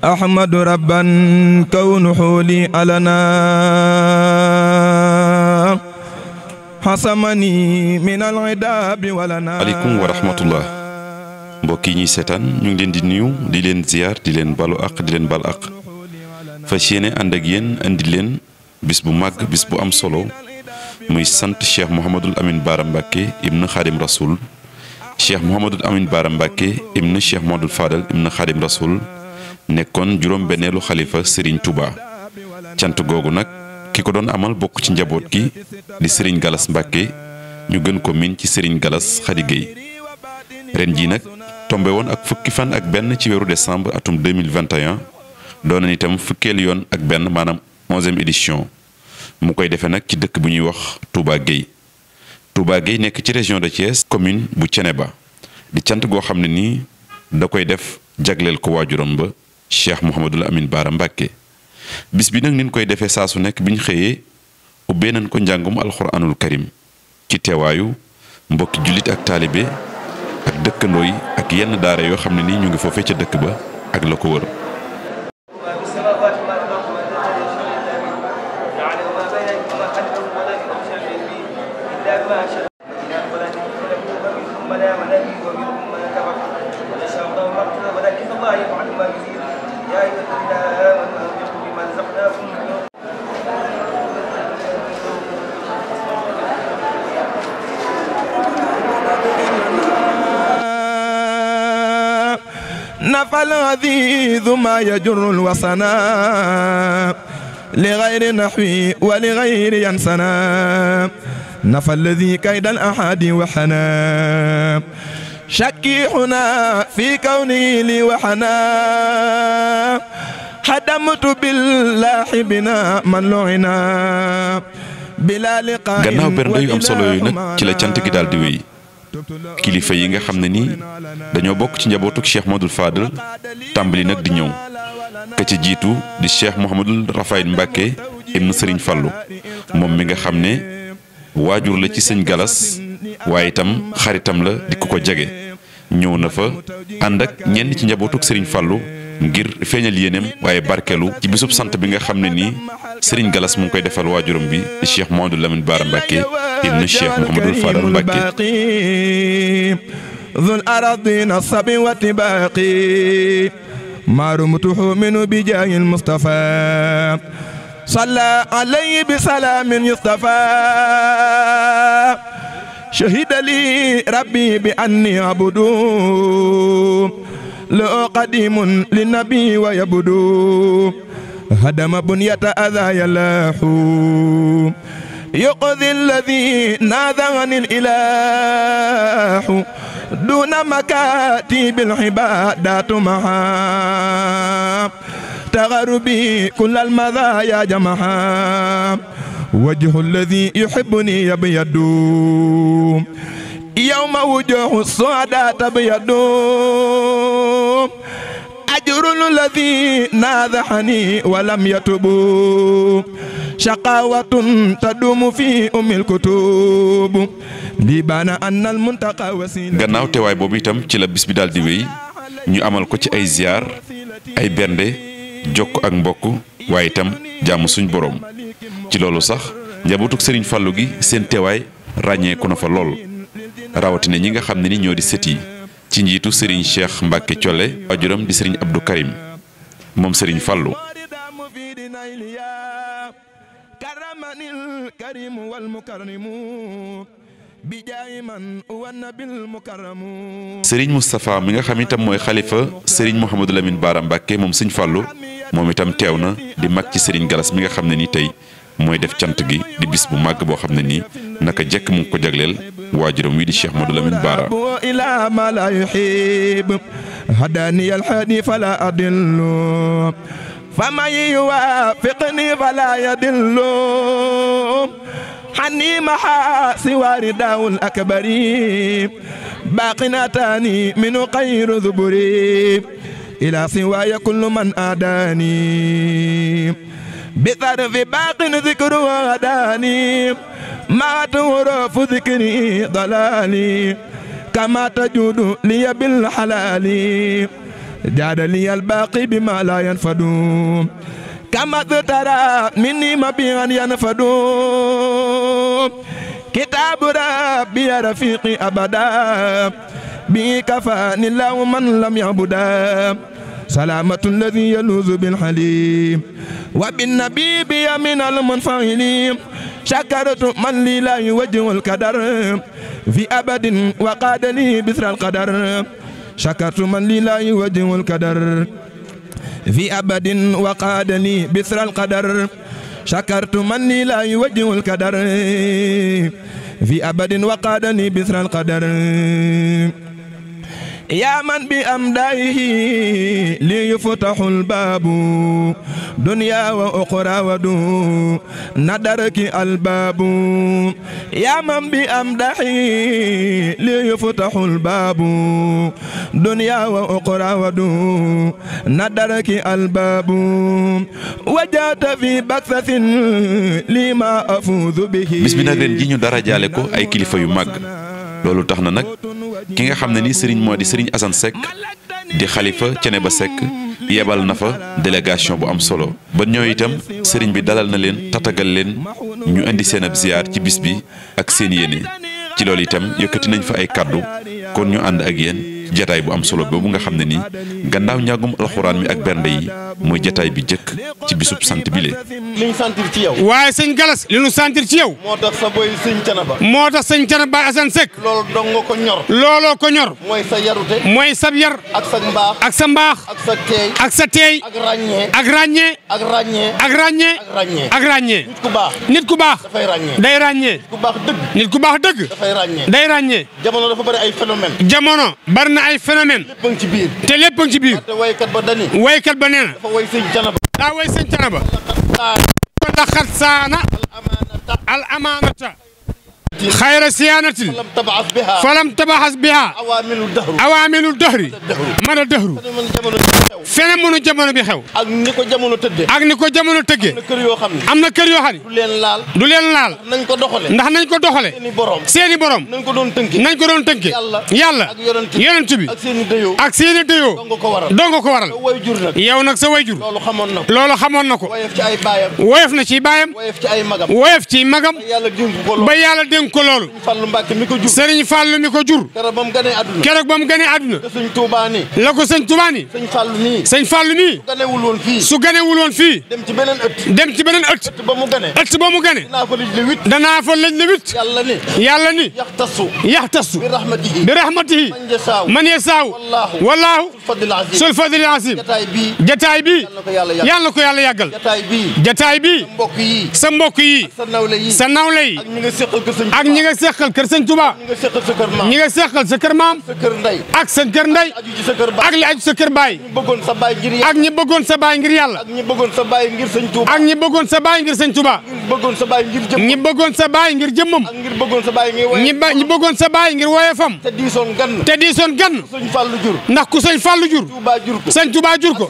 أحمد ربا كونه لي ألنا حسمني من العذاب ولنا عليكم ورحمة الله mbokk yi ñuy seetaan ñu ngi leen di nuyu di leen ziyaar di leen balu ak di leen bal ak fas yéene ànd ak yéen indi leen bis bu màgg bis bu am solo muy sant cheikh Mouhamadul Amine Bara Mbacke ibn Xaadim Rasoul cheikh Mouhamadul Amine Bara Mbacke Fadal ibn Xaadim Rasoul nekkoon juróom-benneelu xalifa Serigne Touba cant googu nag ki ko doon amal bokk ci njaboot gi di Serigne Galas Mbàkke ñu gën ko ci Serigne Galas Khady Gueye ren jii nag tombe woon ak fukki fan ak benn ci weeru décembre atum 2021 doon na itam fukkeel yoon ak benn maanaam onzième édition mu koy defee nag ci dëkk bu ñuy wax Touba Gueye Touba Gueye nekk ci région de Thiès commune bu Ceneba di cant goo xam ne nii da koy def jagleel ko waajuram ba cheikh Mouhamadul Amin Baara Mbàkke bis bi nag nin koy defee saa su nekk bi ñu xëyee ubbee nañ ko njàngum alxuraanul karim ci teewaayu mbokki jullit ak taalibe ak dëkkandoo yi ak yenn daara yoo xam ne nii ñu ngi foofe ca dëkk ba ak la ko wër. والعذيذ ما يجر الوصنا لغير نحوي ولغير ينسنا نفى الذي كيد الأحد وحنا شكيحنا في كوني لي وحنا حدمت بالله بنا من لعنا بلا لقاء gannaaw benn yu am solo yooyu nag ci la cant gi daal di wéy kilifa yi nga xam ne nii dañoo bokk ci njabootuk cheikh Mouhamadoul Fadal tàmbali nag di ñëw ka ci jiitu di cheikh Mouhamadoul Rafaïd Mbacke ibnu Serigne fallu moom mi nga xam ne waajur la ci sëñ Galas waaye itam xaritam la di ko ko jege ñëw na fa ànd ak ñenn ci njabootuk Serigne fallu ngir feeñal yéeneem waaye barkeelu ci bisub sant bi nga xam ne nii Serigne Gallas mu ngi koy defal waajuram bi Cheikh Mouhamadou Lamine Bara Mbacke ibnu Cheikh Mouhamadul Fadal Mbacke ما رمت حمن بجاه المصطفى صلى عليه بسلام يصطفى شهد لي ربي بأني عبدو لو قديم للنبي ويبدو هدم بنية أذى يلاح يقضي الذي ناذغني الإله دون مكاتب العبادات معا تغربي كل المذايا جمعا وجه الذي يحبني يبيد yawma wujuuhun su'adaa tabyaddu ajrul laziina naazahanii wa lam yatubuu shaqaawatun taduumu fii ummil kutub libaana annal muntaqa wasiila gannaaw teewaay boobu itam ci la bis bi di wéy ñu amal ko ci ay ziyaar ay bernde jokk ak mbokk waay itam jaamu suñ boroom ci loolu sax njabootug sëriñ fàllu gi seen teewaay ràññeeku na fa lool rawatina ñi nga xam ne ni ñoo di sët yi ci njiitu sëriñ Cheikh Mbacke Thiolé wajuram di sëriñ Abdou Karim moom sëriñ Fallou. sëriñ Moustapha mi nga xam itam mooy xalifa sëriñ Mouhamadou Lamine Bara Mbacke moom sëñ Fallou moom itam teew na di mag ci sëriñ Galas mi nga xam ne ni tey mooy def cant gi di bis bu màgg boo xam ne nii naka jekk mu ngi ko jagleel waajuram wii di Cheikh Modou Lamine Bara ila ma la yuhib hadani alhadi fala adillu faman yuwafiqni fala yadillu hani maha siwari daawul akbari baqinatani minu xayru zuburi ila siwaya kullu man adani بثار في باق ذكر وهداني ما تورف ذكري ضلالي كما تجود لي بالحلال جاد لي الباقي بما لا ينفد كما ترى مني مبيعا ينفد كتاب ربي يا رفيقي أبدا بي كفاني الله من لم يعبدا سلامة الذي يلوذ بالحليم وبالنبي بي من المنفعلين شكرت من لي لا يوجه القدر في أبد وقاد لي بسر القدر شكرت من لي لا يوجه القدر في أبد وقاد لي بسر القدر شكرت من لي لا يوجه القدر في أبد وقادني بسر القدر yaa man bi am daayihi li yuftaxul baabu dunya wa uxra wa du nadarki albaabu yaa man bi am daayihi li yuftaxul baabu dunya wa uxra wa du nadarki albaabu wajaata fi baksasin lima afuuzu bihi bis bi nag ren ji ñu dara jaale ko ay kilifa yu mag loolu tax na nag ki nga xam ne ni sëriñ moo di sëriñ Assane Seck di xalifa ba Seck yebal na fa délégation bu am solo ba ñoo itam sëriñ bi dalal na leen tatagal leen ñu indi seen ab ziyaar ci bis bi ak seen yéene ci loolu itam yëkkati nañ fa ay kàddu kon ñu ànd ak yéen jataay bu am solo boobu nga xam ne ni gannaaw njàngum alxuraan mi ak bernde yi mooy jataay bi jëkk ci bisub sant bi le waaye sëñ Galas li ñu sentir ci yow. moo tax sa boy sëñ Canaba. moo tax sëñ Canaba Assane Seck. loolu dong ko ñor. looloo ko ñor. mooy sa yarute. mooy sa yar. ak sa mbaax. ak sa mbaax. ak sa teey. ak sa teey. ak ràññee. ak ràññee. ak ràññee. ak ràññee. ak ràññee. nit ku baax. nit ku baax. dafay ràññee. day ràññee. nit ku baax dëgg. nit ku baax dëgg. dafay ràññee. day ràññee. jamono dafa bari ay na ay phénomène te lépp a ngi ci biir waykat ba nee na daa way sëñ canaba wala xat saana al amaanata xayra siyaanatin falam tabaxas biha awaamilu dahri mën a dahru fene mënu jamono bi xew ak ni ko jamono tëddee ak ni ko jamono tëggee am na kër yoo xam ne du leen laal du leen laal nañ ko doxale ndax nañ ko doxale seeni borom nañ ko doon tënke nañ ko doon tënke yàlla yonent bi ak seeni dayoo donga ko waral yow nag sa wayjur loolu xamoon na ko woyof na ci baayam woyof ci magam ba yàlla dénk ko loolu. Serigne Fallou mi ko jur. keroog ba mu gane àdduna. keroog ba mu gane àdduna. la ko sëñ Touba ni. sëñ Fallou nii. sëñ Fallou nii. su ganewul woon fii. su ganewul woon fii. dem ci beneen ba mu gane. ëtt ba mu gane. danaa fa lëj le huit. danaa ni. yàlla bi rahmatihi. bi rahmatihi. man yasaaw. man yasaaw. wallaahu. sul fadlil aziim. jataay bii. jataay bii. ko yàlla yàggal. ak ñi nga seqal kër sëñ Touba sa kër maam ñi nga sa kër maam sa kër ndey ak sa kër ndey ak li sa kër baay ak ñi sa baay ngir yàlla ak ñi bëggoon sa baay ngir sëñ Touba ak ñi bëggoon sa baay ngir sëñ Touba ñi bëggoon sa baay ngir jëmmam ñi bëggoon sa baay ngir woyefam te diisoon gan te diisoon gan ndax ku sëñ Fallou jur sëñ Touba jur ko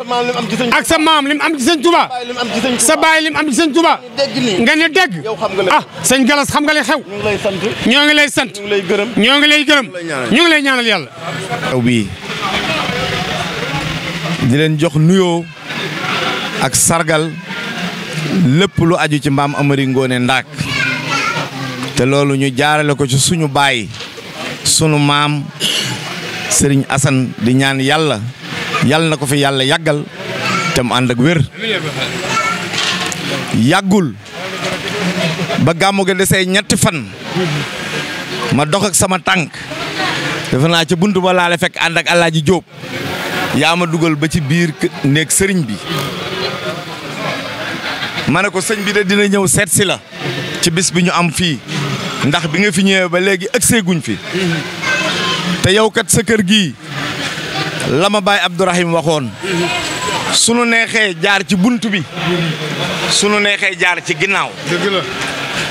ak sa maam lim am ci sëñ Touba sa baay lim am ci sëñ Touba nga ne dégg ah sëñ Galas xam nga li xew lay ñoo ngi lay sant. ñoo ngi lay gërëm. ñoo ngi lay gërëm. ñu lay ñaanal yàlla. taw bii di leen jox nuyoo ak sargal lépp lu aju ci mbaam Amary Ngoone Ndaak te loolu ñu jaarale ko ci suñu baay sunu maam sëriñ Assane di ñaan yàlla yàlla na ko fi yàlla yàggal te mu ànd ak wér yàggul. ba gàmmu gi desee ñetti fan ma dox ak sama tànk defe naa ca bunt ba laale fekk ànd ak Alaaji Jóob yaa ma dugal ba ci biir néeg sëriñ bi ma ne ko sëñ bi de dina ñëw seet si la ci bis bi ñu am fii ndax bi nga fi ñëwee ba léegi ëgsee guñ fi te yow kat sa kër gii la ma baay Abdourahim waxoon su nu neexee jaar ci bunt bi sunu neexee jaar ci ginnaaw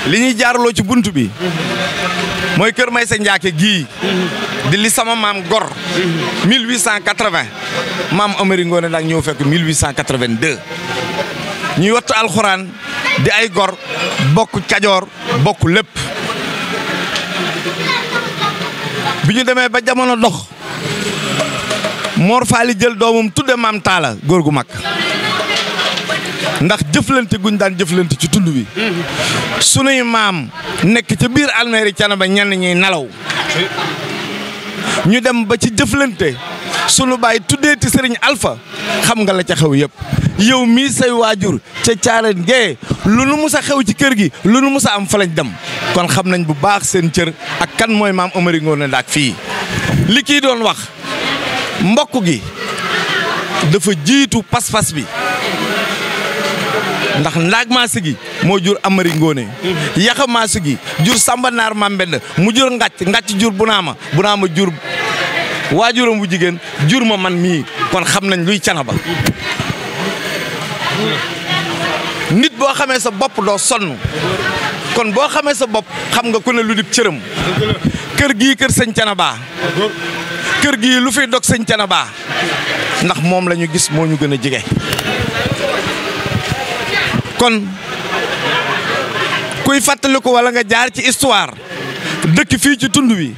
li ñuy jaarloo ci bunt bi mooy Kër may Maysa Njaake gii di li sama maam gor 1880 maam Amari Ngoone daag ñëw fekk 1882 ñuy wattu alxuraan di ay gor bokk cajoor bokk lépp bi ñu demee ba jamono dox Mor li jël doomum tudde maam Taala góor gu mag ndax jëflante guñ daan jëflante ci tund wi sunuy maam nekk ca biir almeeri Canaba ñenn ñiy nelaw ñu dem ba ci jëflante sunu baay tuddeeti sëriñ alfa xam nga la ca xew yëpp yow mii say waajur ca caaren gee lu nu mus a xew ci kër gi lu nu mus a am fa dem kon xam nañ bu baax seen cër ak kan mooy maam Amari Ngoone Ndak fii li kii doon wax mbokk gi dafa jiitu pas bi ndax ndaag maas gi moo jur amari ngoone mhm. yaxa maa sigi jur samba naar ma mbedd mu jur ngàcc ngàcc jur bunaama bunaama jur waajuram bu jigéen jur ma man mii kon xam nañ luy canaba nit boo xamee sa bopp doo sonn kon boo xamee sa bopp xam nga ku ne lu dib cëram kër gi kër sëñ canaba kër gi lu fi dog sëñ canaba ndax moom lañu gis moo ñu gën a jige kon kuy fàttaliku wala nga jaar ci histoire dëkk fii ci tund wi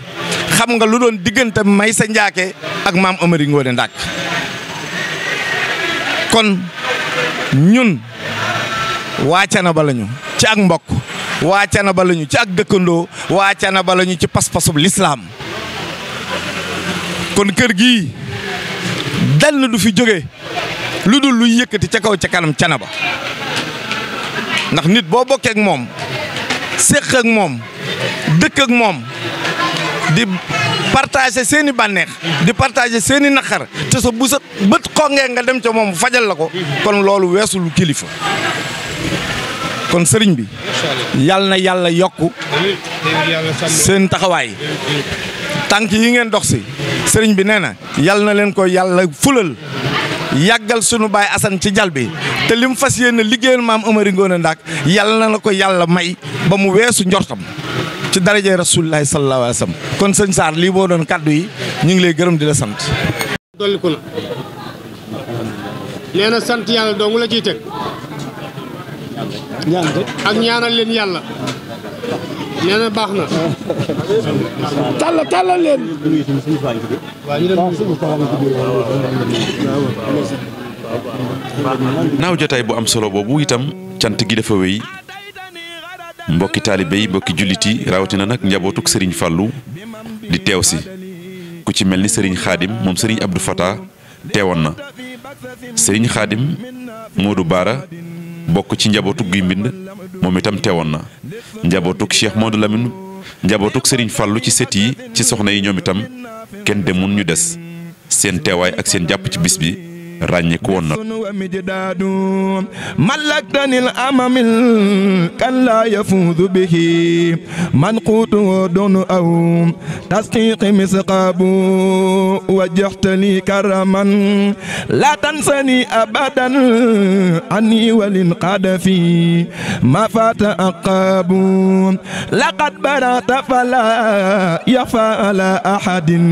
xam nga lu doon diggante may sa njaake ak maam Amari Ngoone Ndak kon ñun waa Thiénaba lañu ci ak mbokk waa Thiénaba lañu ci ak dëkkandoo waa Thiénaba lañu ci pas-pasub lislaam kon kër gi dal na du fi jóge lu dul luy yëkkati ca kaw ca kanam Thiénaba ndax nit boo bokkee moom séq moom dëkk moom di partager seen bànneex di partager seeni i naqar te sa bu bët xongee nga dem ca moom fajal la ko kon loolu weesul kilifa kon sëriñ bi yàlla na yàlla yokk seen taxawaay tànk yi ngeen dox sëriñ bi nee na yàlla na leen ko yàlla fulal yàggal sunu baay Assane ci jal te li mu fas yéene liggéeyal maam Amari Ngoone Ndak yàlla na la ko yàlla may ba mu weesu njortam ci darajee rasulillahi sallallahu alayhi wa sallam kon sëñ Sarr lii boo doon kàddu yi ñu ngi lay gërëm di la sant. dolliku na nee na sant yàlla dong la ciy ak ñaanal leen yàlla nee baax na. tàlla tàllal leen. naaw jotaay bu am solo boobu itam cant gi dafa wéy mbokki taalibe yi mbokki jullit yi rawatina nag njabootuk sëriñ Fallou di teew si ku ci mel ni sëriñ Xaadim moom sëriñ Abdou Fata teewoon na sëriñ Xaadim Modou Baara bokk ci njabootuk Guy Mbind moom itam teewoon na njabootuk Cheikh Modou Lamine njabootuk sëriñ Fallou ci set yi ci soxna yi ñoom itam kenn demun ñu des seen teewaay ak seen jàpp ci bis bi ràññiku woon na malaktani amamil kan laa yafuudu bihi man quutu doon aw tasqiiqi misqaabu wajjaxtali karaman laa tansani abadan anni walin qadafi ma faata aqaabu laqad barata fala yaxfa ala ahadin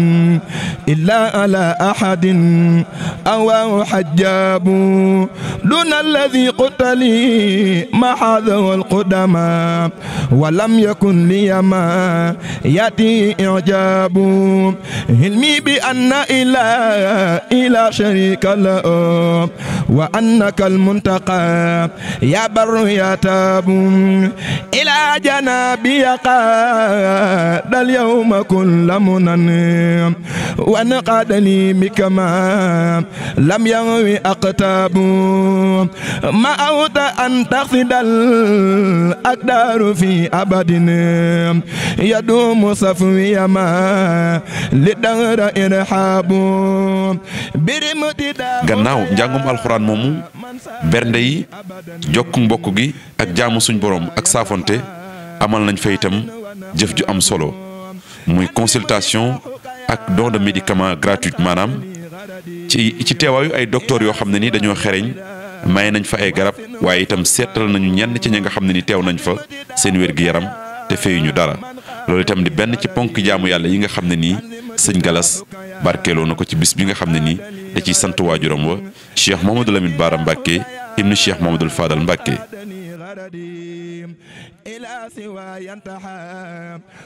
illa ala ahadin awa حجاب دون الذي قتلي مع ذو القدماء ولم يكن لي ما يأتي إعجاب علمي بأن إله إلا شريك له وأنك المنتقى يا بر يا تاب إلى جنابي قاد اليوم كل منن وانقاد لي بكما لم لم يغوي أقتاب ما أوت أن تقصد الأقدار في أبد يدوم صفوي ما لدهر إرحاب gannaaw njàngum alxuraan moomu bernde yi jokku mbokk gi ak jaamu suñ borom ak saafonte amal nañ fa itam jëf ju am solo muy consultation ak don de médicament gratuite maanaam ci ci teewaayu ay docteur yoo xam ne ni dañoo xereñ maye nañ fa ay garab waaye itam seetal nañu ñenn ci ñi nga xam ne ni teew nañ fa seen wér-gu-yaram te ñu dara loolu itam di benn ci ponk jaamu yàlla yi nga xam ne nii sëñ Galas barkeeloo na ko ci bis bi nga xam ne nii da ciy sant waajuram wa Cheikh Mouhamadou Lamine Bara Mbacke ibnu Cheikh Mouhamadoul Fadal Mbacke بردي إلى سوى ينتحى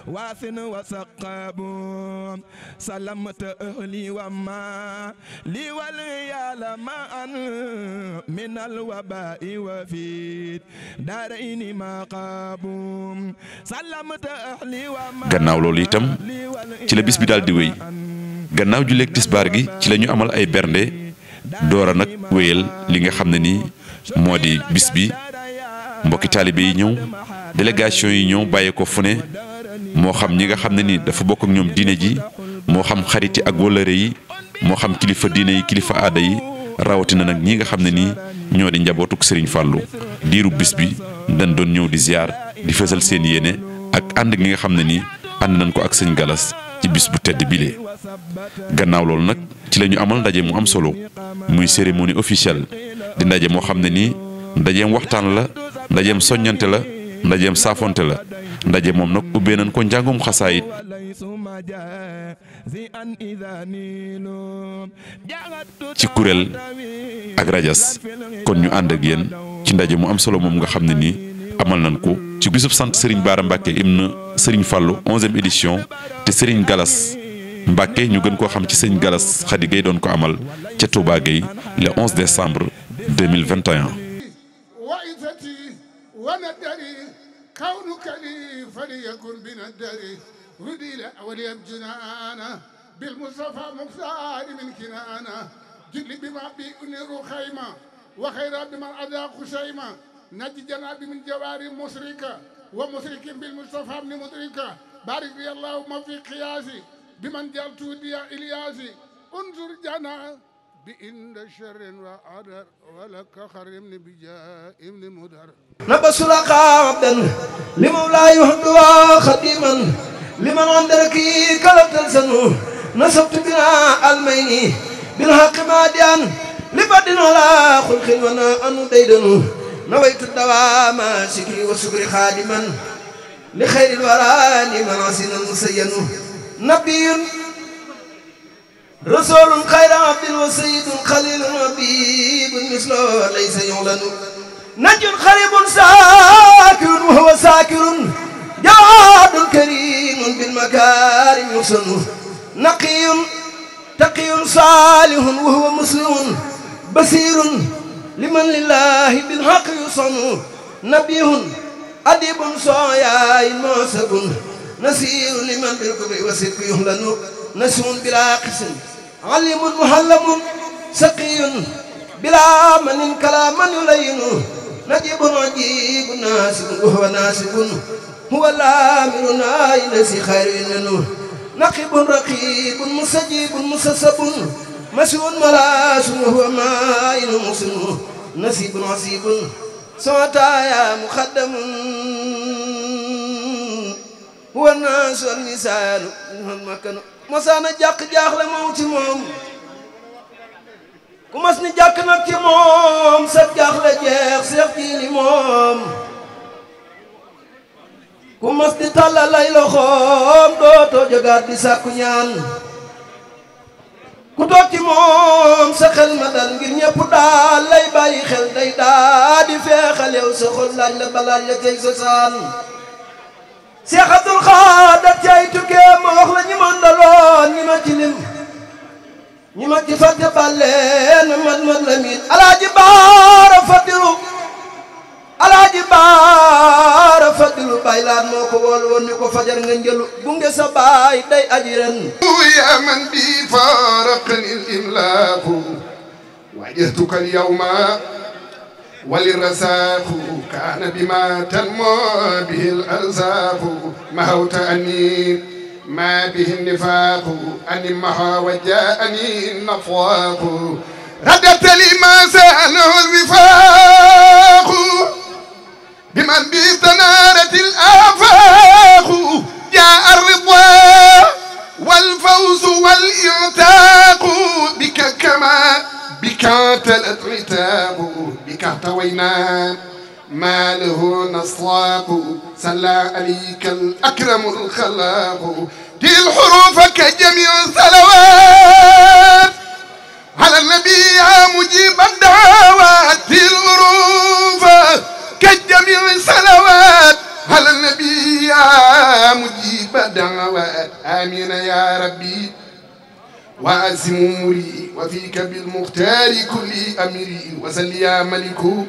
واسن وسقاب سلمت أهلي وما لي والعيال معا من الوباء وفي دارين ما قاب سلمت أهلي gannaaw loolu itam ci la bis bi daal wéy gannaaw julleeg tisbaar gi ci la amal ay bernde doora nag wéyal li nga xam ne ni moo di bis bi mbokki taalibe yi ñëw délégation yi ñëw bàyyee ko fu ne moo xam ñi nga xam ne nii dafa bokk ak ñoom diine ji moo xam xariti ak wëllëre yi moo xam kilifa diine yi kilifa aada yi rawatina nag ñi nga xam ne nii ñoo di njabootuk Serigne Fallou diiru bis bi dañ doon ñëw di ziar di fësal seen yéene ak ànd gi nga xam ne nii ànd nañ ko ak sëñ Galas ci bis bu tedd bile. gannaaw loolu nag ci lañu ñu amal ndaje mu am solo muy cérémonie officielle di ndaje moo xam ne nii ndajeem waxtaan la ndajeem soññante la ndajeem saafonte la ndaje moom nag ubbee nañ ko njàngum xasaayit ci kuréel ak rajas kon ñu ànd ak yéen ci ndaje mu am solo moom nga xam ne nii amal nañ ko ci bisub sant Serigne Bara Mbacke ibn Serigne Fallou onzième édition te Serigne Galas Mbacke ñu gën koo xam ci Serigne Galas Khady Gueye doon ko amal ca Touba Gueye le 11 décembre 2021. الدر رديل وليب جنانا بالمصطفى مختار من كنانا جل بما بأنير خيمة وخير بما أدى خشيمة نجي جنابي من جوار مشركة ومشرك بالمصطفى من مدركة بارك لي اللهم في قياسي بمن جلت وديا إلياسي انظر جنابي بإن شر وعدر ولك خرمني بجاء ابن مدر نبى سلقا عبدا لمولا يهدوا خديما لمن عندك كلب تلسن نسبت بنا الميني بالحق ماديا لبدن ولا خلق ونا أن ديدن نويت الدوام سكري وسكري خادما لخير الورى لمن عسنا مسين نبي رسول خير عبد وسيد خليل حبيب مثله ليس يعلن نجم خريب ساكر وهو ساكر جواد كريم بالمكارم يحسن نقي تقي صالح وهو مسلم بصير لمن لله بالحق يصن نبيه أديب صايا موسب نسير لمن بالكبر والصدق يهلن نسون بلا قسم alimun muhallamun saqiyun bila manin kala man yulayinu najibun ajibun nasibun huwa nasibun huwa lamiru naayina si xayrin lanu naqibun raqibun musajibun musasabun masiun malasun huwa maayinu musinu nasibun asibun sowataaya muxaddamun huwa naasu almisaanu masaana jàq jaaxle moom ci moom ku mas ni jàkk nag ci moom sab jaaxle jeex seex jiili moom ku mas di tàlla loxoom dootoo jogaat di sàkku ku toog moom sa xel ma dal ngir ñëpp daal lay day daa di feexalew sa xol laaj la balaaj tey sa Seex Abdul Xaadir cay tukkee ma ñi man daloon ñi ma ñi ma ci fàtte bàlleen mat mat la alaaji baara fadilu alaaji baara fadilu baylaan moo ko wool woon ni ko bunge sa day aji yaa man bi faaraqani al imlaaku wajjahtuka al yawma وللرزاق كان بما تنمو به الأرزاق مهوت أني ما به النفاق أن مها وجاءني النفواق ردت لي ما سأله الوفاق بمن بتنارت الآفاق جاء الرضا والفوز والإعتاق بك كما كاتلت عتابه بك احتوينا ما له نصاب صلى عليك الأكرم الخلاق دي الحروف كجميع الصلوات على النبي مجيب الدعوات دي الحروف كجميع الصلوات على النبي مجيب الدعوات آمين يا ربي وأزم أموري وفيك بالمختار كل أمري وسل يا ملك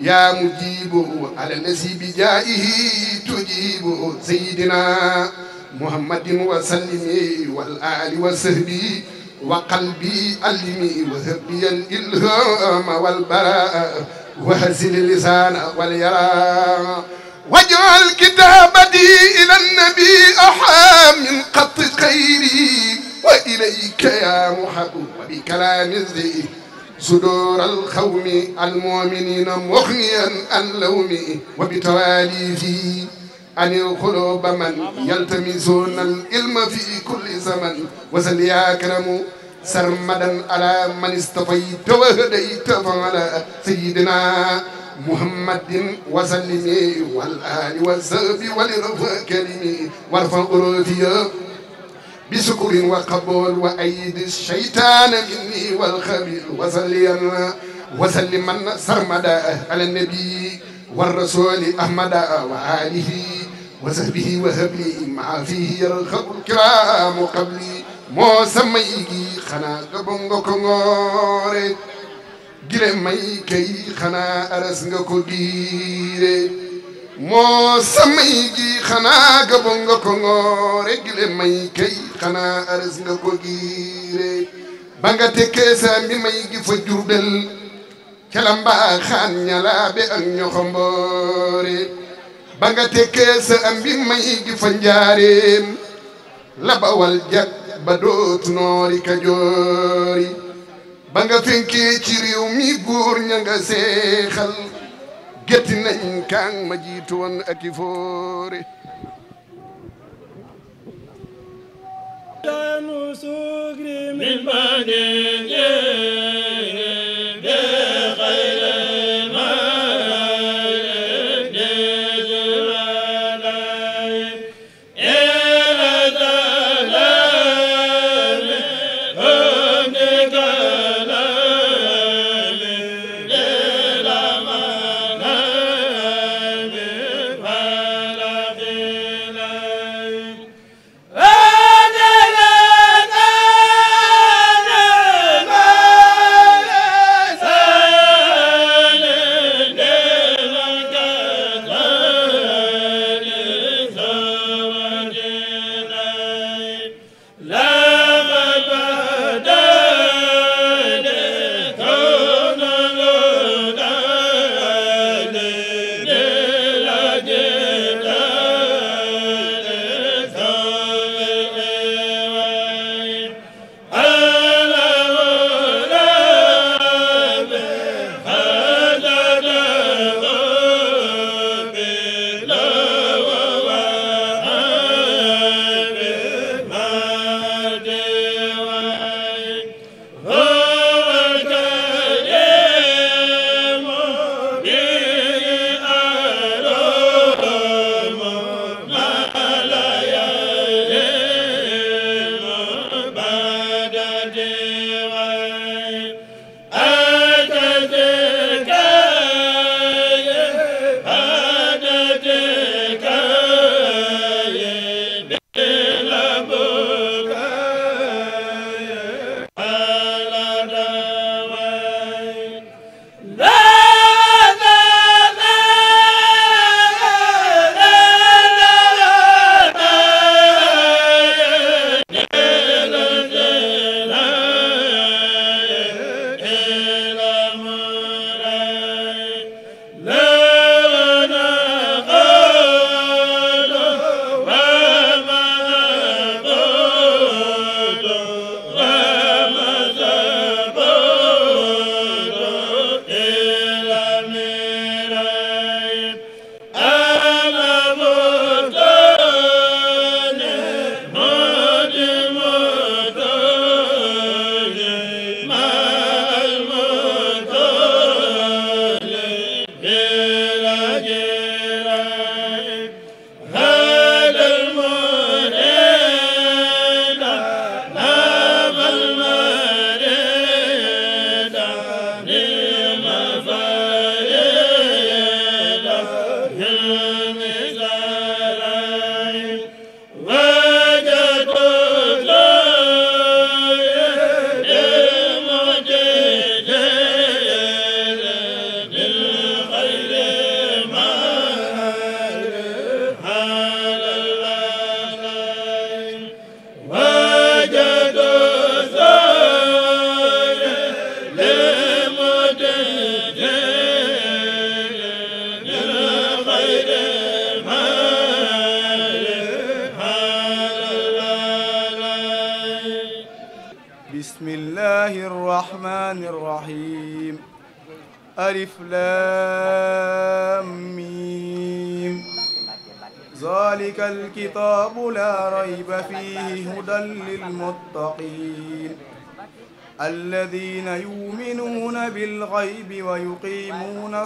يا مجيب على الذي بجائه تجيب سيدنا محمد وسلم والآل وصحبه وقلبي علمي وهبي الإلهام والبراء وهزل لسان وليرى واجعل كتابتي إلى النبي أحام من قط خيري وإليك يا محب وبكلام الزئ صدور القوم المؤمنين مغنيا عن لومه وبتواليه أن القلوب من يلتمسون العلم في كل زمن وسل يا أكرم سرمدا على من استفيت وهديت فعلى سيدنا محمد وسلم والآل والسلب ولرفع كلمي وارفع قروتي بسكر وقبول وأيد الشيطان مني والخبير وسلم وسلم سرمدا على النبي والرسول أحمد وآله وصحبه وهبلي مع فيه يرغب الكرام قبلي moo sama yigi xanaa nga bëgg nga ko ngoore gile may kay xanaa aras nga ko giire moo sa may gi xanaa gabo nga ko ngoore gi may kay xanaa aras nga ko giire ba nga tekkee saa mi may gi fa jurbel calambaa xaan ñalaabe ak ñoxomboore ba nga tekkee sa ambi may gi fa njaareem labawal jag ba dootu noori kajoori ba nga fenkee ci réew mi nga seexal gétti nañ kaang ma jiitu ak i foore daanu sugri min ma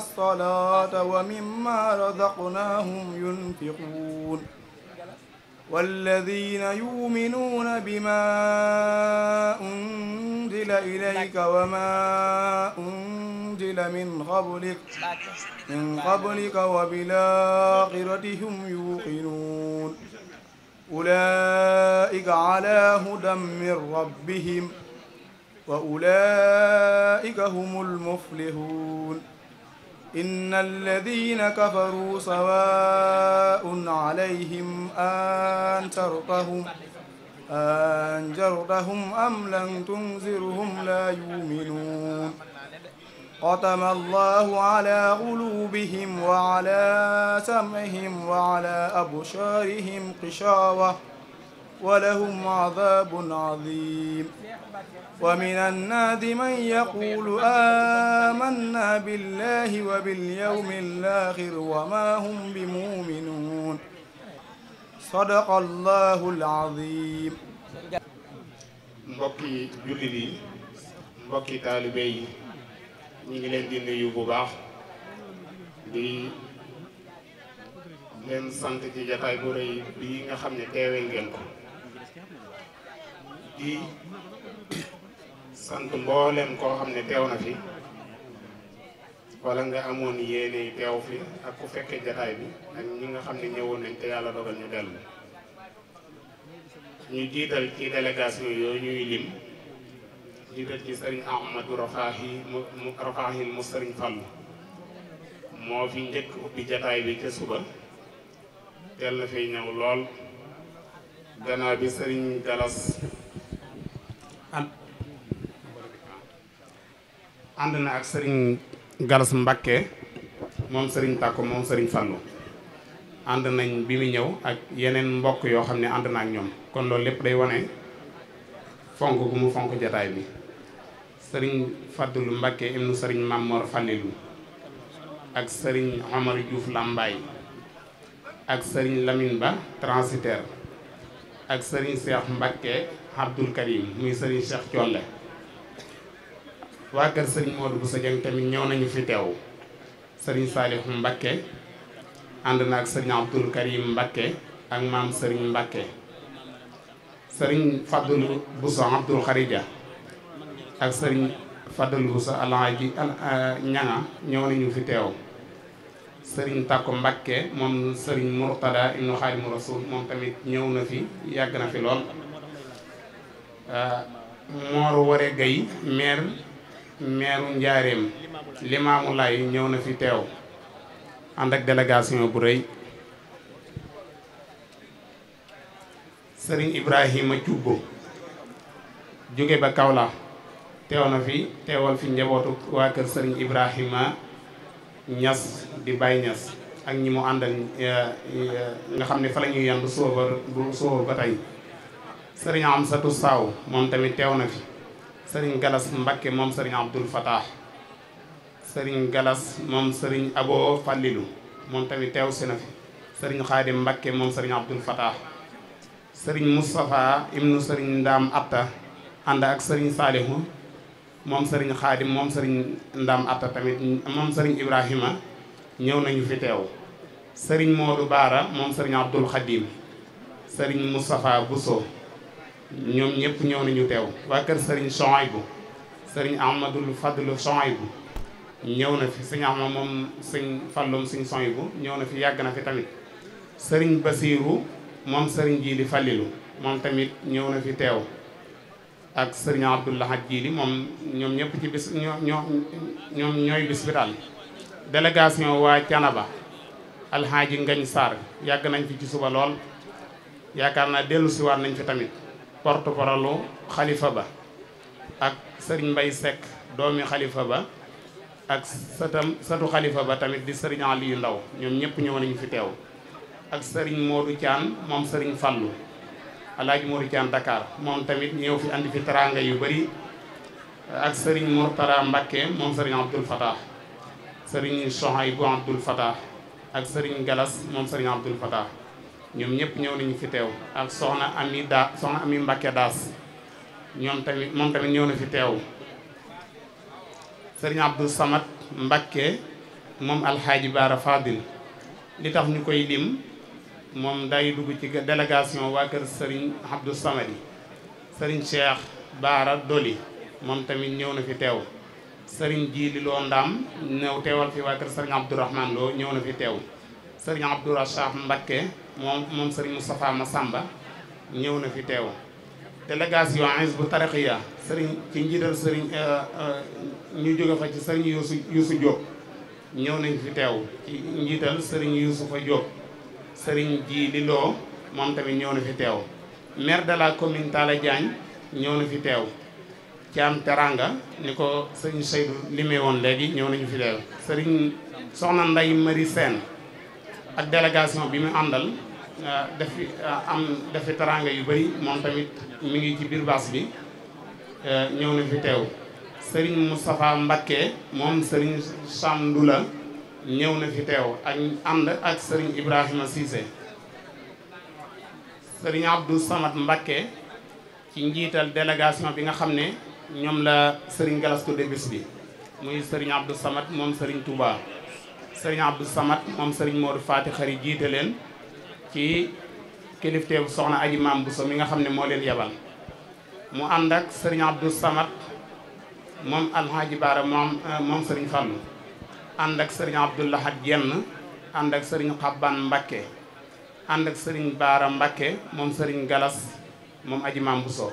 الصلاة ومما رزقناهم ينفقون والذين يؤمنون بما أنزل إليك وما أنزل من قبلك من قبلك وبالآخرة هم يوقنون أولئك على هدى من ربهم وأولئك هم المفلحون إن الذين كفروا سواء عليهم أنذرتهم أنذرتهم أم لم تنذرهم لا يؤمنون ختم الله على قلوبهم وعلى سمعهم وعلى أبصارهم غشاوة ولهم عذاب عظيم ومن الناس من يقول آمنا بالله وباليوم الآخر وما هم بمؤمنون صدق الله العظيم mbokki jullit yi mbokki taalibe yi ñu ngi leen di nuyu bu baax di leen sant ci jataay bu rëy bii nga xam ne teewe ngeen ko di sant mboolem koo xam ne teew na fi wala nga amoon yéene teew fi ak ku fekkee jataay bi ak ñi nga xam ne ñëwoon nañ te yàlla dogal ñu dellu ñu jiital ci délégation yooyu ñuy lim jiital ci sëriñ Ahmadou Rafahi mu Rafahi mu sëriñ Fallu moo fi njëkk ubbi jataay bi ca suba teel na fay ñëw lool gannaaw bi sëriñ Galas ànd na ak sëriñ Galas Mbakke moom sëriñ Tàkko moom sëriñ Fàllu ànd nañ bi mu ñëw ak yeneen mbokk yoo xam ne ànd na ak ñoom kon loolu lépp day wane fonk gu mu fonk jataay bi sëriñ Fàddulu Mbakke ibnu sëriñ Mamor Fàllilu ak sëriñ Omar Diouf Lambaay ak sëriñ Lamine Ba transitaire ak sëriñ Cheikh Mbakke Abdul Karim muy sëriñ Cheikh Colle waa kër sëriñ Modou Bousso Dieng tamit ñëw nañu fi teew sëriñ Salif Mbakke ànd na ak sëriñ Abdoul Karim Mbakke ak maam sëriñ Mbakke sëriñ Fadul Bousso Abdoul Kharija ak sëriñ Fadul Bousso Alhaji euh, Ñanga ñëw nañu fi teew sëriñ Takko Mbakke moom sëriñ Murtada ibnu Xaadimu moom tamit ñëw na fi yàgg na fi lool euh, Mor Waré Gueye maire meeru njaareem limaamu lay ñëw na fi teew ànd ak délégation bu rëy sëriñ Ibrahima Cubbo jóge ba kaw Kaolack teew na fi teewal fi njabootu waa kër sëriñ Ibrahima Ñas di Baay Ñas ak ñi mu àndal eh, nga xam ne fa la ñuy yandu sóoba bu sóoba ba tey sëriñ Amsatu Saaw moom tamit teew na fi sëriñ galas mbakke moom sëriñ abdul fatah sëriñ galas moom sëriñ abo fallilu moom tamit teew si sëriñ xaadim mbakke moom sëriñ abdul fatah sëriñ moustapha ibnu sëriñ ndaam atta ànd ak sëriñ saalihu moom sëriñ xaadim moom sëriñ ndaam atta tamit moom sëriñ ibrahima ñëw nañu fi teew sëriñ moodu baara moom sëriñ abdul xadim sëriñ moustapha buso ñoom ñëpp ñëw nañu teew waa kër sëriñ Sohaybu sëriñ Ahmadul Fadlu Sohaybu ñëw na fi sëñ Ahmad moom sëñ Fallum sëñ bu ñëw na fi yàgg na fi tamit sëriñ Basiiru moom sëriñ Jiili Fallilu moom tamit ñëw na fi teew ak sëriñ Abdoulahat Jiili moom ñoom ñëpp ci bis ñoo ñoom ñooy bis bi daal waa Canaba alxaaji Ngañ saar yàgg nañ fi ci suba lool yaakaar naa dellu siwaat nañ fi tamit porte parole xalifa ba ak sëriñ Mbay Sekk doomi xalifa ba ak satam satu xalifa ba tamit di sëriñ yu Ndaw ñoom ñëpp ñëw nañu fi teew ak sëriñ Modou Thian moom sëriñ Fallou alaaji Modou Thian Dakar moom tamit ñëw fi andi fi teraanga yu bari ak sëriñ Mourtala Mbakke moom sëriñ Abdul Fatah sëriñ Sohay bu Abdul Fatah ak sëriñ Galas moom sëriñ Abdul Fatah ñoom ñëpp ñëw nañu fi teew ak soxna ami da soxna ami mbakke daas ñoom tamit moom tamit ñëw na fi teew sëriñ Abdou Samad Mbàkke moom alxaaji Baara li tax ñu koy lim moom day dugg ci délégation waa kër sëriñ Abdou Samad yi sëriñ Cheikh Baara Doli moom tamit ñëw na fi teew sëriñ Jili Loo Ndaam ñëw teewal fi waa sëriñ Abdourahman Loo ñëw na fi teew sëriñ Abdourahman Mbàkke moom moom sëriñ Moustapha Massamba ñëw na fi teew délégation Hizbut Tarqiyyah sëriñ ci njiital sëriñ euh, euh, ñu jóge fa ci sëriñ Youssou Youssou Diop ñëw nañ fi teew ci njiital sëriñ Youssoufa Diop sëriñ Djili Lo moom tamit ñëw na fi teew maire de la commune Talla Diagne ñëw na fi teew Thiam Teranga ni ko sëriñ Seydou limee woon léegi ñëw nañu fi teew sëriñ soxna Ndeye Marie Sène ak délégation bi mu àndal Euh, dafi euh, am dafi taraanga yu bëri moom tamit mi ngi ci biir baas bi euh, ñëw na fi teew sëriñ Moustapha Mbacké moom sëriñ Sam Ndula ñëw na fi teew ak ànd ak sëriñ Ibrahima Cissé sëriñ Abdou Samad Mbacké ci njiital délégation bi nga xam ne ñoom la sëriñ Galas tudde bi muy sëriñ Abdou Samad moom sëriñ Touba sëriñ Abdou Samad moom sëriñ Modou Fati Xari jiite leen ci kilifteefu soxna aji maam Bousso mi nga xam ne moo leen yabal mu ànd ak sëriñ Abdou Samad moom alhaaji Baara moom euh, moom sëriñ Fallu ànd ak sëriñ Abdou Lahad Jenn ànd ak sëriñ Xabban Mbakke ànd ak sëriñ Baara Mbakke moom sëriñ Galas moom aji maam Bousso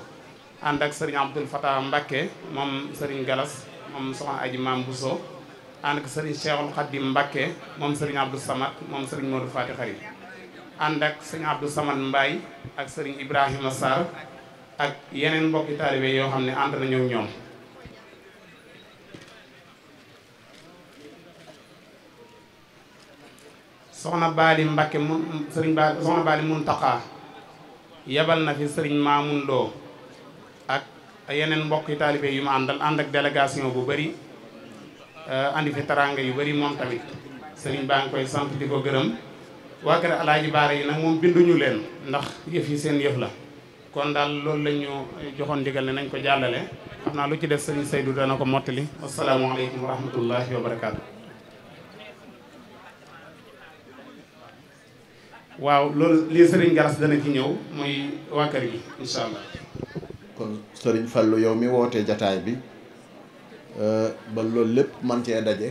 ànd ak sëriñ Abdoul Fatah Mbakke moom sëriñ Galas moom soxna aji maam Bousso ànd ak sëriñ Cheikhul Khadim Mbakke moom sëriñ Abdou Samad moom sëriñ Modou Fati Xari ànd ak sëñ Abdou Samad Mbaye ak sëriñ Ibrahima Sarr ak yeneen mbokki taalibe yoo xam ne ànd nañu ak ñoom soxna Baali Mbakke mun sëriñ Ba soxna Baali Muntaqa yebal na fi sëriñ Maamun Loo ak yeneen mbokki taalibe yu ma àndal ànd ak délégation bu bari euh, andi fi teraanga yu bari moom tamit sëriñ baa ngi koy sant di ko gërëm waa kër alaaji baara yi nag moom binduñu leen ndax yëf yi seen yëf la kon daal loolu lañu joxoon ndigal ne nañ ko jàllale xam naa lu ci def sëñ Seydou dana ko mottali wasalaamualeykum wa rahmatullahi wa barakaatu waaw loolu lii sëriñ garas dana ci ñëw mooy waa kër gi incha allah kon sëriñ Fallou yow mi wootee jataay bi euh, ba loolu lépp man cee daje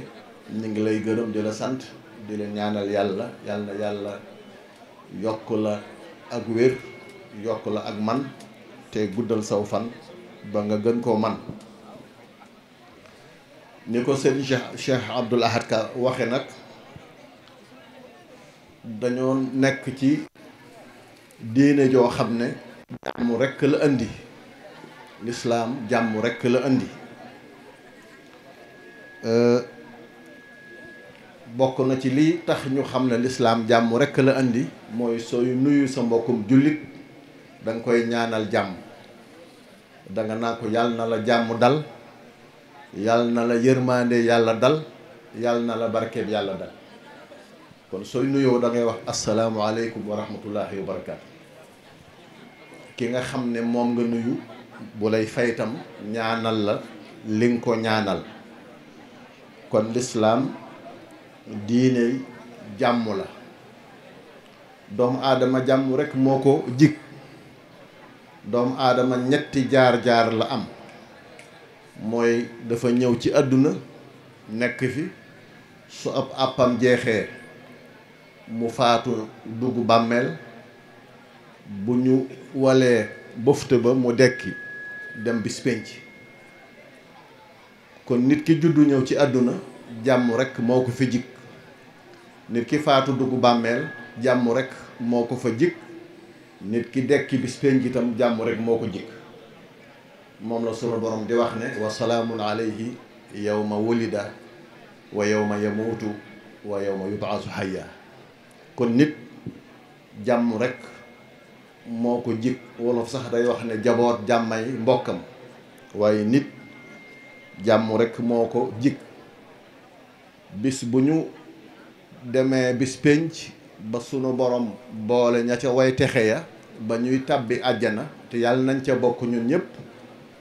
ñu ngi lay gërëm di la sant di leen ñaanal yàlla yàlla na yàlla yokk la ak wér yokk la ak man te guddal saw fan ba nga gën koo man ni ko seen Cheikh Cheikh Abdoul Ka waxe nag dañoo nekk ci diine joo xam ne jàmm rekk la indi lislaam jàmm rekk la indi euh, bokk na ci lii tax ñu xam ne lislaam jàmm rekk la indi mooy sooy nuyu sa mbokkum jullit danga koy ñaanal jàmm danga naa ko yàlla na la jàmm dal yàlla na la yërmaande yàlla dal yàlla na la barkeeb yàlla dal kon sooy nuyoo dangay wax asalaamualeykum wa rahmatullahi wa barakaatu ki nga xam ne moom nga nuyu bu lay faytam ñaanal la li nga ko ñaanal kon lislaam diine jàmm la doomu aadama jàmm rekk moo ko jig doomu aadama ñetti jaar-jaar la am mooy dafa ñëw ci àdduna nekk fi su ab àppam jeexee mu faatu dugg bàmmeel bu ñu walee bëfte ba mu dekki dem bis penc kon nit ki juddu ñëw ci àdduna jàmm rekk moo ko fi jig nit ki faatu dugg bàmmeel jàmm rekk moo ko fa jik nit ki dekki bis penc itam jàmm rek moo ko jik moom la sunu borom di wax ne wa salaamun alayhi yawma wulida wa yawma yamuutu wa yawma yubaasu hayya kon nit jàmm rekk moo ko jik wolof sax day wax ne jaboot jàmmay mbokkam waaye nit jàmm rekk moo ko jik bis bu ñu demee bis ba sunu borom boole ña ca way texe ya ba ñuy tàbbi àjjana te yàlla nañ ca bokk ñun ñëpp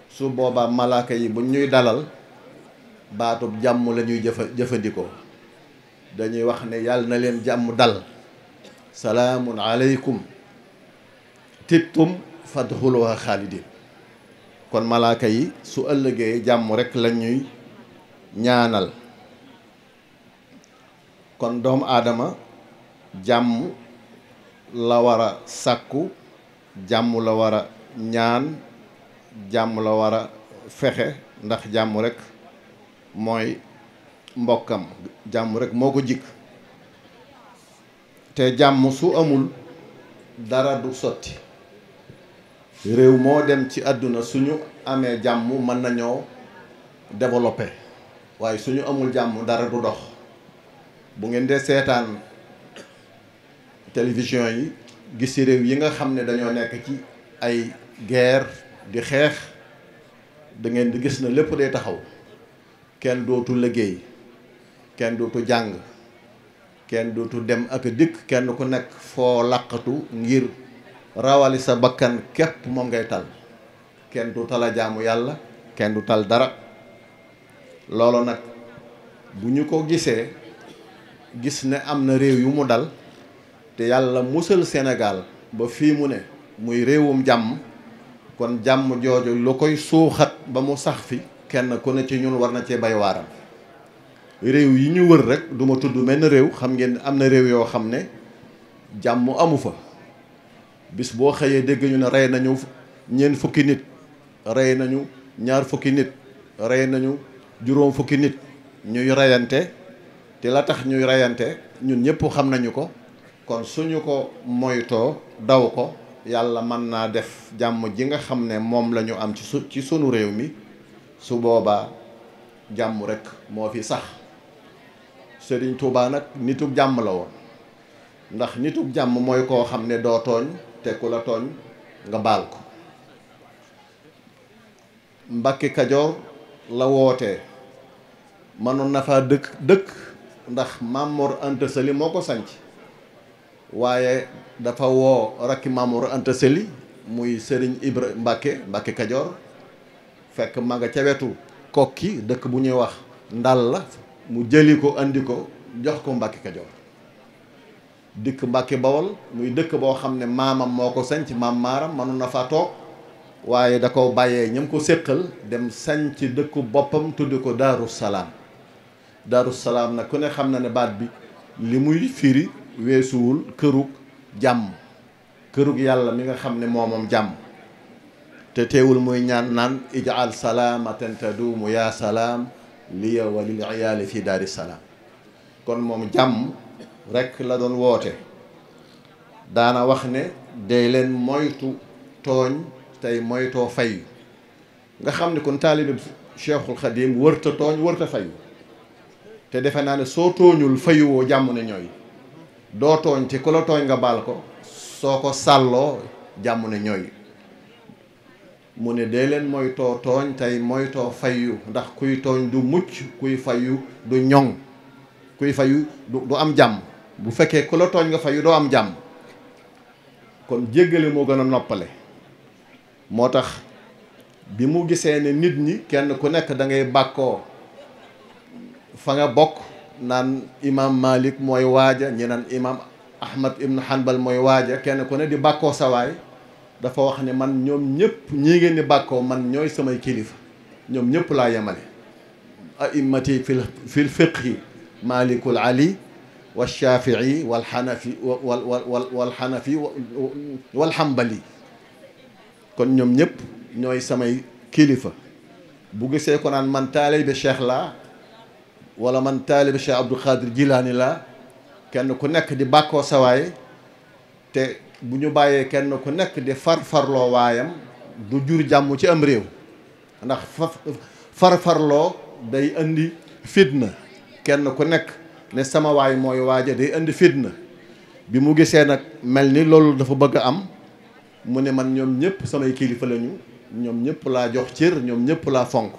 su boobaa malaaka yi buñ ñuy dalal baatub jàmm lañuy ñuy jëfandikoo dañuy wax ne yàlla na leen jàmm dal salaamun aleykum tibtum fadxuluha xaalidin kon malaaka yi su ëllëgee jàmm rekk la ñuy ñaanal kon doomu aadama jàmm la war a sàkku jàmm la war ñaan jàmm la war a fexe ndax jàmm rekk mooy mbokkam jàmm rekk moo ko jikk te jàmm su amul dara du sotti réew moo dem ci àdduna suñu amee jàmm mën nañoo développé waaye suñu amul jàmm dara du dox bu ngeen dee seetaan télévision yi gis ci réew yi nga xam ne dañoo nekk ci ay guerre di xeex da ngeen di gis na lépp day taxaw kenn dootu liggéey kenn dootu jàng kenn dootu dem ak dikk kenn ku nekk foo làqatu ngir rawali sa bakkan képp moom ngay tal kenn du tala jaamu yàlla kenn du tal dara loolu nag bu ñu ko gisee gis ne am na réew yu mu dal te yàlla musal senegaal ba fii mu ne muy réewum jàmm kon jàmm jooju lu koy suuxat ba mu sax fi kenn ku ne ci ñun war na cee bay waaram réew yi ñu wër rek duma ma tudd menn réew xam ngeen am na réew yoo xam ne jàmm amu fa bis boo xëyee dégg ñu ne rey nañu ñeent fukki nit rey nañu ñaar fukki nit rey nañu juróom fukki nit ñuy reyante te la tax ñuy reyante ñun ñëpp xam nañu ko kon suñu ko moytoo daw ko yàlla mën naa def jàmm ji nga xam ne moom lañu am ci ci sunu réew mi su boobaa jàmm rekk moo fi sax Serigne Touba nag nitug jàmm la woon ndax nitug jàmm mooy koo xam ne doo tooñ te ku la tooñ nga baal ko Mbàkke Kajoor la wootee mënoon na faa dëkk dëkk ndax Mamor Anta moo ko sanc waaye dafa woo rakki Mamor Anta muy sëriñ Ibra Mbacke Mbacke Kajoor fekk ma nga ca wetu kokki dëkk bu ñuy wax ndal la mu jëli ko andi ko jox ko Mbacke Kajoor dikk Mbacke Bawol muy dëkk boo xam ne maamam moo ko sanc mam maaram mënoon na faa toog waaye da ko bàyyee ñam ko séqal dem sanc dëkku boppam tudd ko Daaru Salaam daru salaam nag ku ne xam na ne baat bi li muy firi weesuwul kërug jàmm kërug yàlla mi nga xam ne moomam jàmm te teewul muy ñaan naan ijaal salaamatan taduumu yaa salaam liya wa lil iyaali fii daari salaam kon moom jàmm rekk la doon woote daana wax ne day leen moytu tooñ tey moytoo fay nga xam ne kon taalibe Cheikhul Khadim wërta tooñ wërta fayu te defe naa ne soo tooñul fayuwoo jàmm ne ñooy doo tooñ te ku la tooñ nga baal ko soo ko sàlloo jàmm ne ñooy mu ne dee leen moytoo tooñ tey moytoo fayu ndax kuy tooñ du mucc kuy fayu du ñoŋ kuy fayu du am jàmm bu fekkee ku la tooñ nga fayu doo am jàmm kon jéggale moo gën a noppale moo tax bi mu gisee ne nit ñi kenn ku nekk dangay bàkkoo fa nga bokk naan imam malik mooy waaja ñi naan imam ahmad ibnu hanbal mooy waaja kenn ku ne di bàkkoo sawaay dafa wax ne man ñoom ñëpp ñii ngeen di bàkkoo man ñooy samay kilifa ñoom ñëpp laa yemale a'immati fil fil fiqhi malikul ali wa shafii wal xanafi wal wal kon ñoom ñëpp ñooy samay kilifa bu gisee ko naan man taalibe cheikh laa wala man taalibi Cheikh Abdou Khadir Jilaani laa kenn ku nekk di bàkkoo sawaay te bu ñu bàyyee kenn ku nekk di farfarloo waayam du jur jàmm ci am réew ndax farfarloo day indi fitna kenn ku nekk ne sama waay mooy waaja day indi fitna bi mu gisee nag mel ni loolu dafa bëgg a am mu ne man ñoom ñëpp samay kilifa lañu ñoom ñëpp laa jox cër ñoom ñëpp laa fonk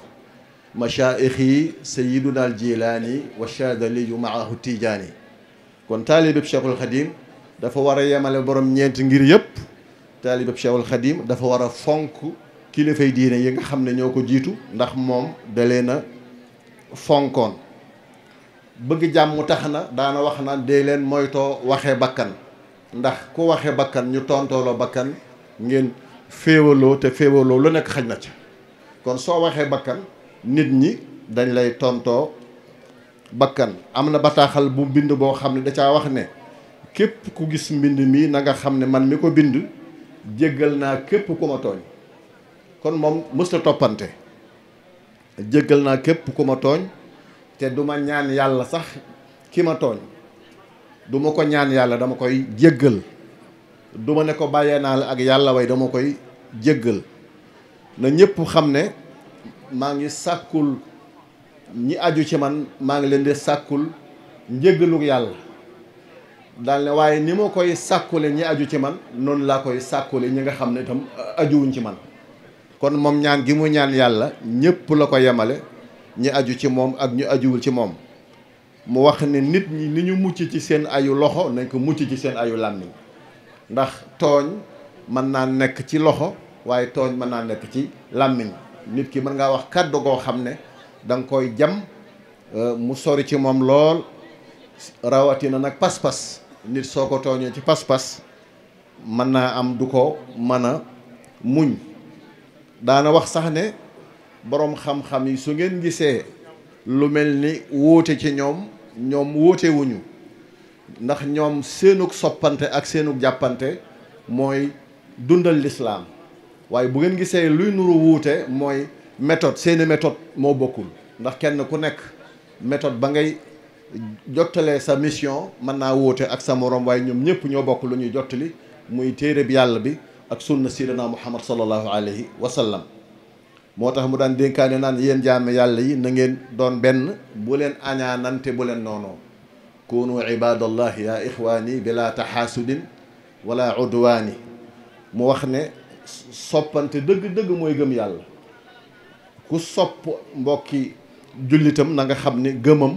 mashaayixi sayiduna al jilaani wa shaadaliyu maahu tijaani kon taalibeb cheikhul xadim dafa war a yemale borom ñeenti ngir yëpp taalibeb cheikhul xadim dafa war a fonk kilifay diine yi nga xam ne ñoo ko jiitu ndax moom da na fonkoon bëgg jàmm tax na daana wax naan dee leen moytoo waxee bakkan ndax ku waxe bakkan ñu tontooloo bakkan ngeen féewaloo te féewaloo lu nekk xaj na ca kon soo waxee bakkan nit ñi dañ lay tontoo bakkan am na bataaxal bu bind boo xam ne da caa wax ne képp ku gis mbind mii nanga xam ne man mi ko bind jéggal naa képp ku ma tooñ kon moom mësta toppante jéggal naa képp ku ma tooñ te du ma ñaan yàlla sax ki ma tooñ du ko ñaan yàlla dama koy jéggal du ma ne ko bàyyee naa la ak yàlla way dama koy jéggal na ñëpp xam ne maa ngi sàkkul ñi aju ci man maa ngi leen di sàkkul njëggaluk yàlla daal ne waaye ni ma koy sàkkule ñi aju ci man noonu laa koy sàkkule ñi nga xam ne itam euh, ajuwuñ ci man kon moom ñaan gi mu ñaan yàlla ñëpp la ko yemale ñi aju ci moom ak ñu ajuwul ci moom mu wax ne nit ñi ni ñu mucc ci seen aju loxo nañ ko mucc ci seen aju làmmiñ ndax tooñ mën naa nekk ci loxo waaye tooñ mën naa nekk ci làmmiñ nit ki mën ngaa wax kàddu goo xam ne da nga koy jam euh, mu sori ci moom lool rawatina nag pas-pas nit soo ko tooñee ci pas-pas mën naa am du ko mën a muñ daana wax sax ne boroom xam-xam yi su ngeen gisee lu mel ni wuute ci ñoom ñoom wuutewuñu ndax ñoom seenug soppante ak seenug jàppante mooy dundal lislaam waaye bu ngeen gisee luy nuru wuute mooy méthode seeni méthode moo bokkul ndax kenn ku nekk méthode ba ngay jottalee sa mission mën naa wuute ak sa morom waaye ñoom ñëpp ñoo bokk lu ñuy jottali muy téere bi yàlla bi ak sunna sidana muhammad sallallahu alayhi wa sallam moo tax mu daan dénkaane naan yéen jaame yàlla yi na ngeen doon benn bu leen añaanante bu leen noonoo kunu ibadallahi ya ixwaani bila taxaasudin wala udwaani mu wax ne soppante dëgg-dëgg mooy gëm yàlla ku sopp mbokki jullitam na nga xam ne gëmam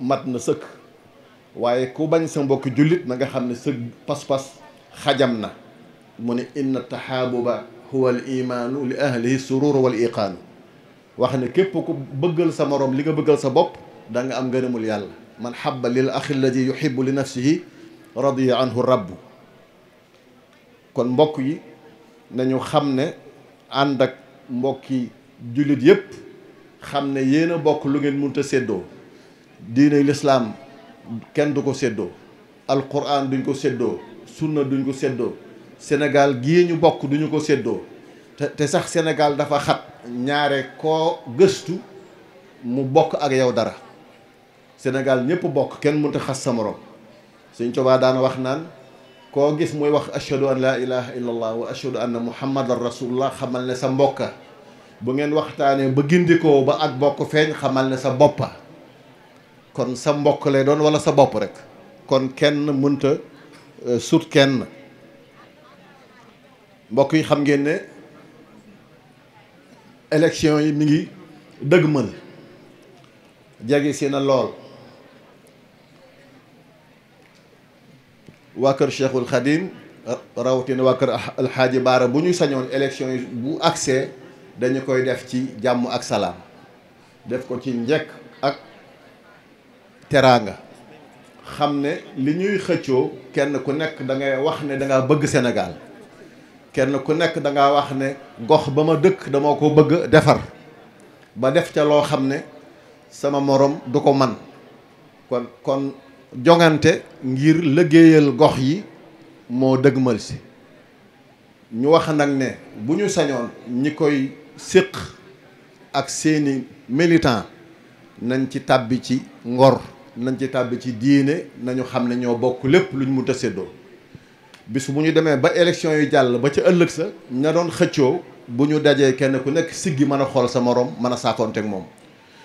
mat na sëkk waaye ku bañ sa mbokki jullit na nga xam ne sëg pas-pas xajam na mu ne inna taxaabuba huwa al imaanu li ahlihi sururu wal iqaanu wax ne képp ku bëggal sa moroom li nga bëggal sa bopp da nga am ngërëmul yàlla man xabba lil axi alladi yuxibu li nafsihi radiya anhu rabbu kon mbokk yi nañu xam ne ànd ak mbokki jullit yépp xam ne yéen bokk lu ngeen mënta séddoo diine lislaam kenn du ko séddoo alquran duñ ko seddoo sunna duñ ko séddoo Sénégal gii ñu bokk duñu ko séddoo te te sax senegaal dafa xat ñaare koo gëstu mu bokk ak yow dara Sénégal ñëpp bokk kenn mënta xas sa morom Sëñ Tuubaa daana wax naan koo gis muy wax ashhadu an laa ilaha illa allah wa ashhadu anna muhammadan rasulullah xamal ne sa mbokka bu ngeen waxtaanee ba gindikoo ba ak bokk feeñ xamal ne sa boppa kon sa mbokk lay doon wala sa bopp rek kon kenn mënta euh, sut kenn mbokk yi xam ngeen ne élection yi mi ngi dëgg dëgmal jege si na lool waa kër Cheikhul Khadim rawatina waa kër Alxaaji Baara bu ñu sañoon élection bu accès dañu koy def ci jàmm ak salaam def ko ci njëkk ak teraanga xam ne li ñuy xëccoo kenn ku nekk dangay wax ne danga bëgg senegal kenn ku nekk danga wax ne gox ba ma dëkk dama ko bëgg defar ba def ca loo xam ne sama moroom du ko man kon kon jongante ngir liggéeyal gox yi moo dëggmal si ñu wax nag ne bu ñu sañoon ñi koy séq ak seeni militant nañ ci tàbbi ci ngor nañ ci tàbbi ci diine nañu xam ne ñoo bokk lépp luñ mut a seddoo bis bu ñu demee ba élection yu jàll ba ca ëllëg sa ña doon xëccoo bu ñu dajee kenn ku nekk siggi mën a xool sa moroom mën a saafoonteeg moom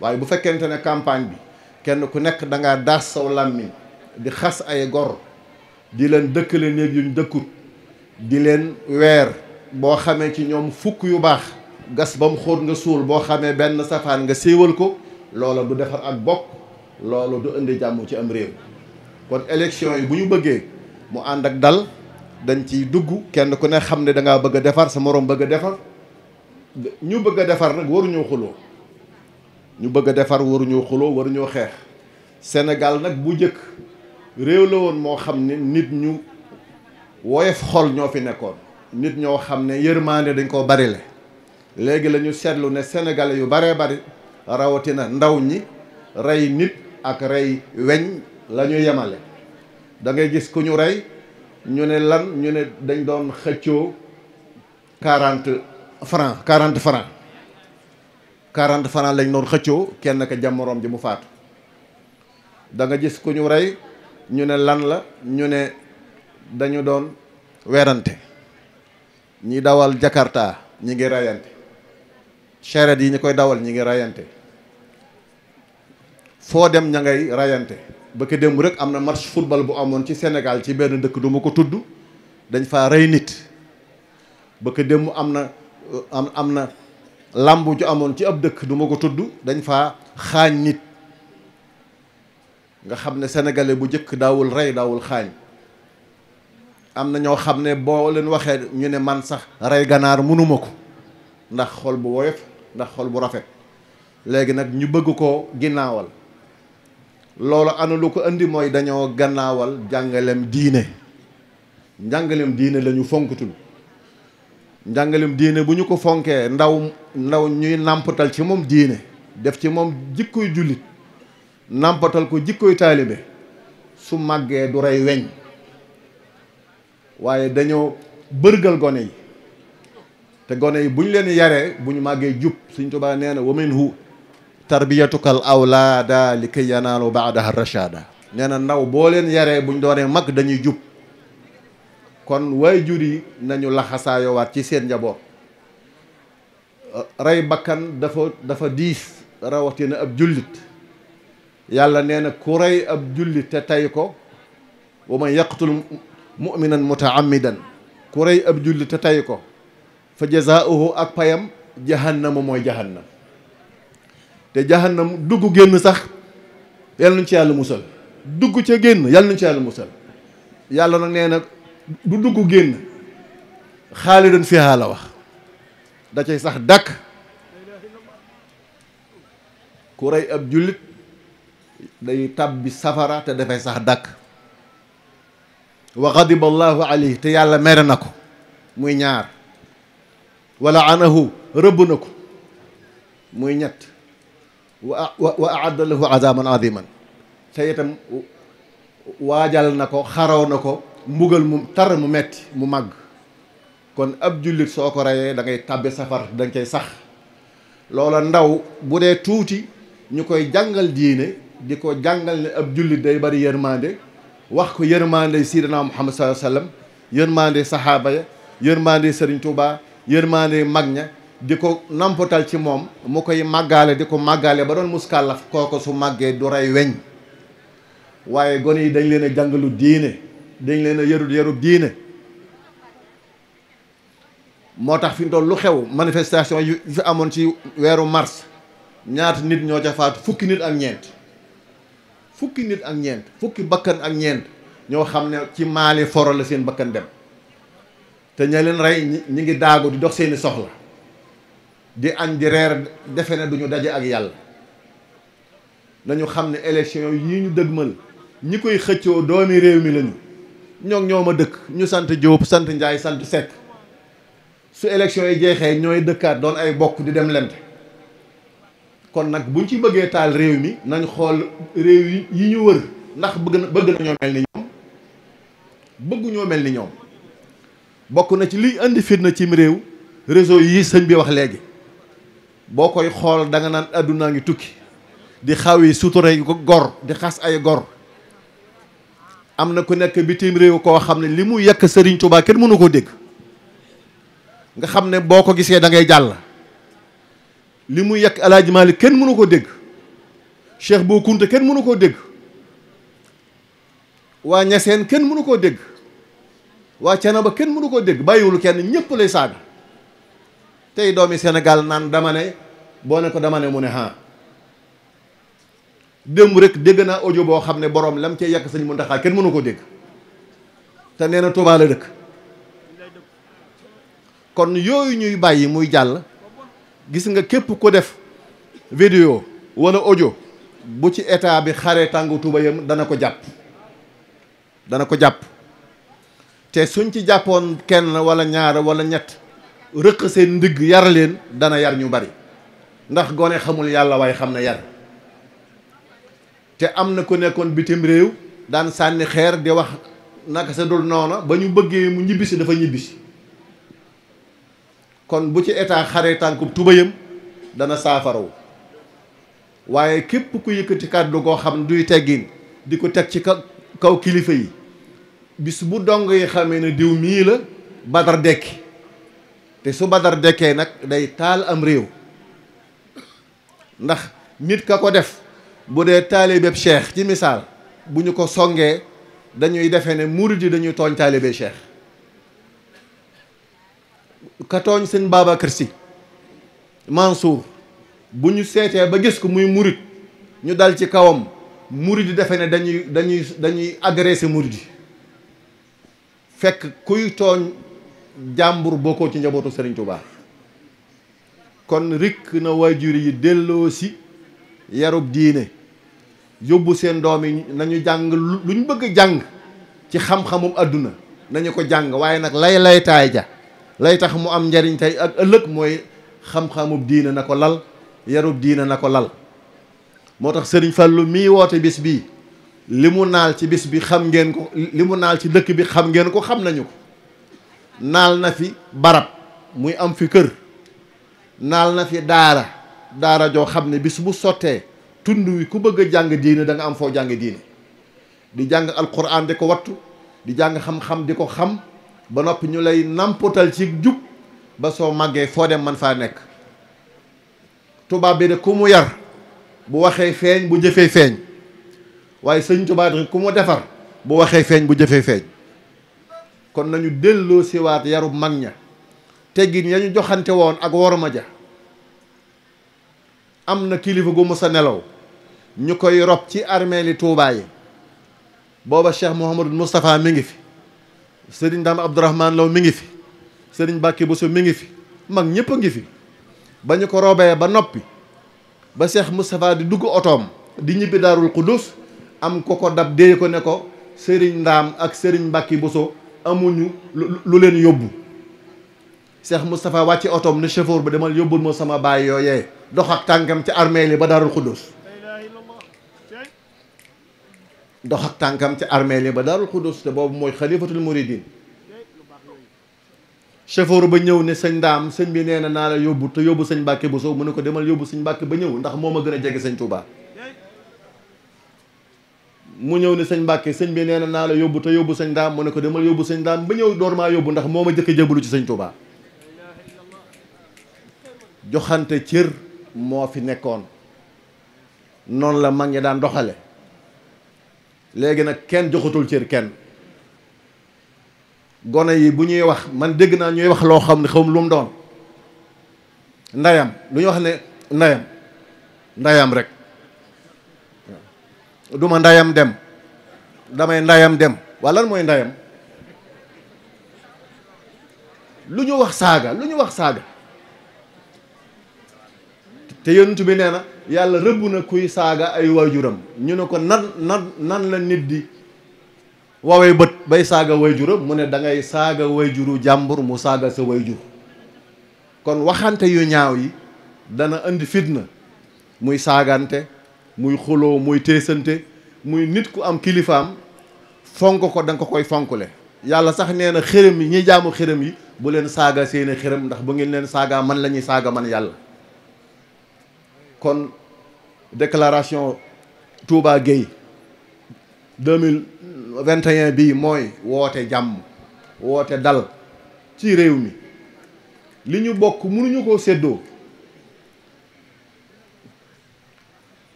waaye bu fekkente ne campagne bi kenn ku nekk danga ngaa daas saw làmmiñ di xas ay gor di leen dëkkale néeg yuñ dëkkut di leen weer boo xamee ci ñoom fukk yu baax gas ba mu xóot nga suul boo xamee benn safaan nga siiwal ko loola du defar ak bokk loolu du indi jàmm ci am réew kon élection yi bu ñu bëggee mu ànd ak dal dañ ciy dugg kenn ku ne xam ne danga ngaa bëgg a defar sa moroom bëgg a defar ñu bëgg a defar nag waruñoo xuloo ñu bëgg a defar waruñoo xuloo waruñoo xeex Sénégal nag bu njëkk réew la woon moo xam ne nit ñu woyof xol ñoo fi nekkoon nit ñoo xam ne yërmaande dañ koo bari léegi la ñu seetlu ne sénégalais yu baree bari rawatina ndaw ñi rey nit ak rey weñ la ñu yemale da ngay gis ku ñu rey ñu ne lan ñu ne dañ doon xëccoo quarante franc quarante francs quarante franc lañ doon xëccoo kenn ka jam moroom ji mu faatu danga gis ku ñu rey ñu ne lan la ñu ne dañu doon werante ñi dawal Jakarta ñi ngi rayante charrette yi ñu koy dawal ñi ngi rayante foo dem ña ngay rayante ba ko dem rek am na match football bu amoon ci senegal ci benn dëkk du ma ko tudd dañ faa rey nit ba dem am na am am na làmb ju amoon ci ab dëkk duma ko tudd dañ fa xaañ nit nga xam ne sénégalais bu jëkk daawul rey daawul xaañ am na ñoo xam ne boo leen waxee ñu ne man sax rey ganaar mënuma ko ndax xol bu woyof ndax xol bu rafet léegi nag ñu bëgg koo ginnaawal loolu ana lu ko indi mooy dañoo gannaawal njàngalem diine njàngalem diine lañu fonkatul njàngalem diine bu ñu ko fonkee ndaw ndaw ñuy nàmpatal ci moom diine def ci moom jikkoy jullit nàmpatal ko jikkoy taalibe su màggee du rey weñ waaye dañoo bërgël gone yi te gone yi bu ñu leen yaree bu ñu màggee jub Sëñ Tuubaa nee na wa minhu tarbiyatukal awlaada li kay yanaalu baadaha rachada nee na ndaw boo leen yaree buñ doonee mag dañuy jub kon waajur yi nañu laxasaayowaat ci seet njaboot rey bakkan dafa dafa diis rawatina ab jullit yàlla nee na ku rey ab jullit te tey ko wa man yaqtul muminan mutaamidan ku rey ab jullit te tey ko fa jazaauhu ak payam jahannama mooy jahannam te jahannam dugg génn sax yàlla nañ ci yàlla musal dugg ca génn yàlla nañ ci yàlla musal yàlla nag nee na du dugg génn xaalidan fiha la wax da cay sax dàkk ku rey ab jullit day tàbbi safara te dafay sax dàkk wa xadiba allahu alayhi te yàlla mere na ko muy ñaar wala anahu rëbb na ko muy ñett wa wa aadda lahu azaban aziman te itam waajal na ko xaraw na ko mbugal mu tar mu metti mu màgg kon ab jullit soo ko reyee da ngay tàbbi safar dañ nga koy sax loola ndaw bu dee tuuti ñu koy jàngal diine di ko jàngal ne ab jullit day bari yërmande wax ko yërmande Sidina Muhammad sallallahu alayhi wasallam yërmande saxaaba ya yërmande Serigne mag ña di ko nampotal ci moom mu koy màggaale di ko màggaale ba doon muskàllaf kooko su màggee du rey weñ waaye gone yi dañ leen a jàngalu diine dañ leen a yarut yarut diine moo tax fi mu lu xew manifestation yu fi amoon ci weeru mars ñaata nit ñoo ca faatu fukki nit ak ñeent fukki nit ak ñeent fukki bakkan ak ñeent ñoo xam ne ci maali foro la seen bakkan dem te ña leen rey ñi ngi daagu di dox seeni soxla di añ di reer defe ne duñu daje ak yàlla nañu xam ne élection yi ñu dëgmal ñi koy xëccoo doomi réew mi lañu ñoog ñoo ma dëkk ñu sant Diop sant Ndiaye sant Seck su élection yi jeexee ñooy dëkkaat doon ay bokk di dem lente kon nag buñ ci bëggee taal réew mi nañ xool réew yi ñu wër ndax bëgg na bëgg nañoo mel ni ñoom bëgguñoo mel ni ñoom bokk na ci liy indi fitna cim réew réseau yi sëñ bi wax léegi boo koy xool danga naan àdduna ngi tukki di xaw yi sutura yi gor di xas ay gor am na ku nekk bitim réew koo xam ne li mu yekk sëriñ Touba kenn mënu koo dégg nga xam ne boo ko gisee da ngay jàll li mu yekk alaaji kenn mënu koo dégg Cheikh boo Kounta kenn mënu koo dégg waa Ñaseen kenn mënu koo dégg waa Canaba kenn mënu koo dégg bàyyiwul kenn ñépp lay saabi tey doomi senegal naan dama ne boo ne ko dama ne mu ne ah démb rekk dégg naa audio boo xam ne boroom lam cee sañ sëñ Muntaxa kenn mënu koo dégg te nee na Tuubaa la dëkk kon yooyu ñuy bàyyi muy jàll gis nga képp ko def vidéo walla ojo bu ci état bi xaree tàngu tubayam dana ko jàpp dana ko jàpp te suñ ci jàppoon kenn wala ñaar wala ñett rëq seen ndigg yar leen dana yar ñu bari ndax gone xamul yàlla waaye xam na yar te am na ku nekkoon bitim réew daan sànni xeer di wax naka sa dul noona ba ñu bëggee mu ñibbisi dafa ñibbisi kon bu ci état xaree tànkub tubayam dana saafaraw waaye képp ku yëkkati kàddu goo xam ne duy teggin di ko teg ci kaw kilifa yi bis bu dong yi xamee ne diw mii la badar dekki te su badar dekkee nag day taal am réew ndax nit ka ko def bu dee taalibeeb cheikh ci misaal bu ñu ko songee dañuy defe ne murid yi dañuy tooñ taalibe cheikh ka tooñ sëñ Babacar Sy Mansour bu ñu seetee ba gis ko muy murit ñu dal ci kawam murit yi defe ne dañuy dañuy dañuy agressé murit yi fekk kuy tooñ jàmbur bokkoo ci njabootu Serigne Touba kon rikk na waajur yi delloo si yarub diine yóbbu seen doom yi nañu jàng luñ bëgg jàng ci xam-xamum àdduna nañu ko jàng waaye nag lay laytaay ja lay tax mu am njariñ tey ak ëllëg mooy xam-xamub diina na ko lal yarub diina na ko lal moo tax sëriñ Fallou mii woote bis bii li mu naal ci bis bi xam ngeen ko li mu naal ci dëkk bi xam ngeen ko xam nañu ko naal na fi barab muy am fi kër naal na fi daara daara joo xam ne bis bu sottee tund wi ku bëgg a jàng diine danga am foo jàng diine di jàng alquran di ko wattu di jàng xam-xam di ko xam ba noppi ñu lay nampotal ci jub ba soo màggee foo dem man faa nekk tubaab bi de ku mu yar bu waxee feeñ bu jëfee feeñ waaye sëñ tubaab rek ku mu defar bu waxee feeñ bu jëfee feeñ kon nañu delloo siwaat yaru mag ña teggin ya ñu joxante woon ak worma ja am na kilifa gu mës a nelaw ñu koy rob ci armée li Tuubaa yi booba Cheikh Mouhamadou Moustapha mi ngi fi sëriñ daam abdourahman law mi ngi fi sëriñ bàkki boso mi ngi fi mag ñëpp a ngi fi ba ñu ko roobee ba noppi ba seex moustapha di dugg otoom di ñibbi daarul qudus am ko ko dab dee ko ne ko sëriñ ndaam ak sëriñ mbàkki boso amuñu lu leen yóbbu seex moustapha wàcce otoom ne chauffeur ba demal yóbbul moo sama baay yooyee dox ak tànkam ci armeel yi ba daarul qudus dox ak tànkam ci armeel yi ba daarul xudus te boobu mooy xalifatul muridin chauffeur ba ñëw ne sëñ ndaam sëñ bi nee na naa la yóbbu te yóbbu sëñ Mbàkke bu sow mu ne ko demal yóbbu sëñ Mbàkke ba ñëw ndax moo ma gën a jege sëñ Tuubaa ñëw ne sëñ Mbàkke sëñ bi nee na naa la yóbbu te yóbbu sëñ ndaam mu ne ko demal yóbbu sëñ ndaam ba ñëw door maa yóbbu ndax moo ma jëkk jëbalu ci sañ Tuubaa joxante cër moo fi nekkoon noonu la mag ñi daan doxale léegi nag kenn joxatul cër kenn gone yi bu ñuy wax man dégg naa ñuy wax loo xam ne xawma lu mu doon ndayam lu ñu wax ne ndayam ndayam rek duma ndayam dem damay ndayam dem waa lan mooy ndayam lu ñu wax saaga lu ñu wax saaga te yonent bi nee na yàlla rëbb na kuy saaga ay waajuram ñu ne ko nan nan nan la nit di wawee bët bay saaga waajuram mu ne da ngay saaga waajuru jàmbur mu saaga sa waajur kon waxante yu ñaaw yi dana indi fitna muy saagante muy xuloo muy teesante muy nit ku am kilifaam fonk ko da nga ko koy fonkle yàlla sax nee na xërëm yi ñi jaamu xërëm yi bu leen saaga seeni xërëm ndax bu ngeen leen saaga man la ñuy saaga man yàlla kon déclaration Touba Gueye 2021 bii mooy woote jàmm woote dal ci réew mi li ñu bokk mënuñu koo séddoo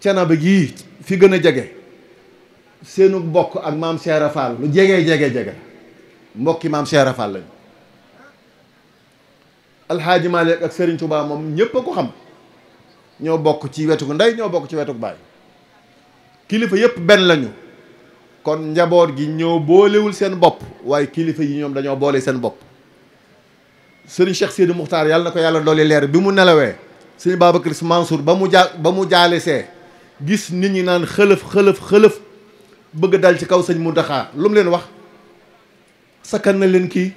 Thiénaba gii fi gën a jege seenu bokk ak maam Cheikh Fall lu jege jege jege mbokki maam Cheikh Fall lañu Alxaaji Maalik ak Serigne Touba moom ñëpp a ko xam. ñoo bokk ci wetu ndey ñoo bokk ci wetu baay kilifa yëpp benn lañu kon njaboot gi ñoo boolewul seen bopp waaye kilifa yi ñoom dañoo boole seen bopp sëriñ Cheikh Sidi Muxtaar yàlla na ko yàlla dolli leer bi mu nelawee sëriñ Babacar Sy Mansour ba mu jaa ba mu jaalisee gis nit ñi naan xëlëf xëlëf xëlëf bëgg dal ci kaw sëñ Muntaxa lu mu leen wax sakkan na leen kii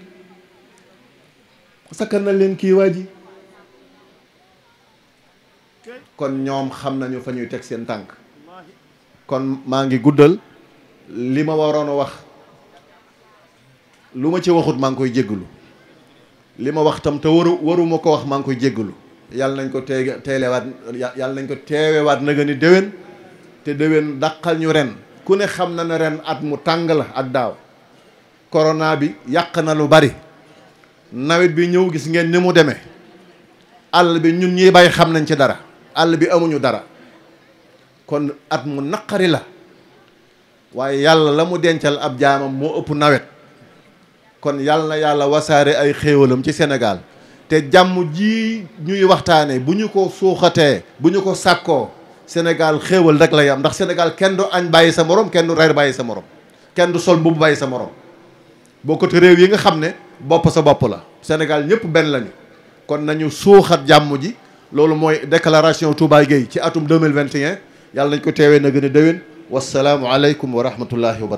sakkan na leen kii waa ji kon ñoom xam nañu fa ñuy teg seen tànk kon maa ngi guddal li ma waroon a wax lu ma ci waxut maa ngi koy jéggalu li ma wax tam te waru waruma ko wax maa ngi koy jéggalu yàlla nañ ko tee teelewaat yàlla nañ ko teewewaat naga ni déwén te déwén daqal ñu ren ku ne xam na ne ren at mu tàng la ak daaw corona bi yàq na lu bari nawet bi ñëw gis ngeen ni mu demee àll bi ñun ñiy bay xam nañ ci dara àll bi amuñu dara kon at mu naqari la waaye yàlla la mu dencal ab jaamam moo ëpp nawet kon yàlla na yàlla wasaare ay xéewalam ci senegaal te jàmm ji ñuy waxtaane bu ñu ko suuxatee bu ñu ko sàkkoo Sénégal xéewal rek lay am ndax Sénégal kenn du añ bàyyi sa moroom kenn du reer bàyyi sa morom kenn du sol mbubb bàyyi sa moroom boo côté réew yi nga xam ne bopp sa bopp la Sénégal ñëpp benn lañu kon nañu suuxat jàmm ji loolu mooy déclaration Touba Gueye ci atum 2021 yàlla nañ ko teewee na gën a déwén wasalaamu aleykum wa rahmatullahi wa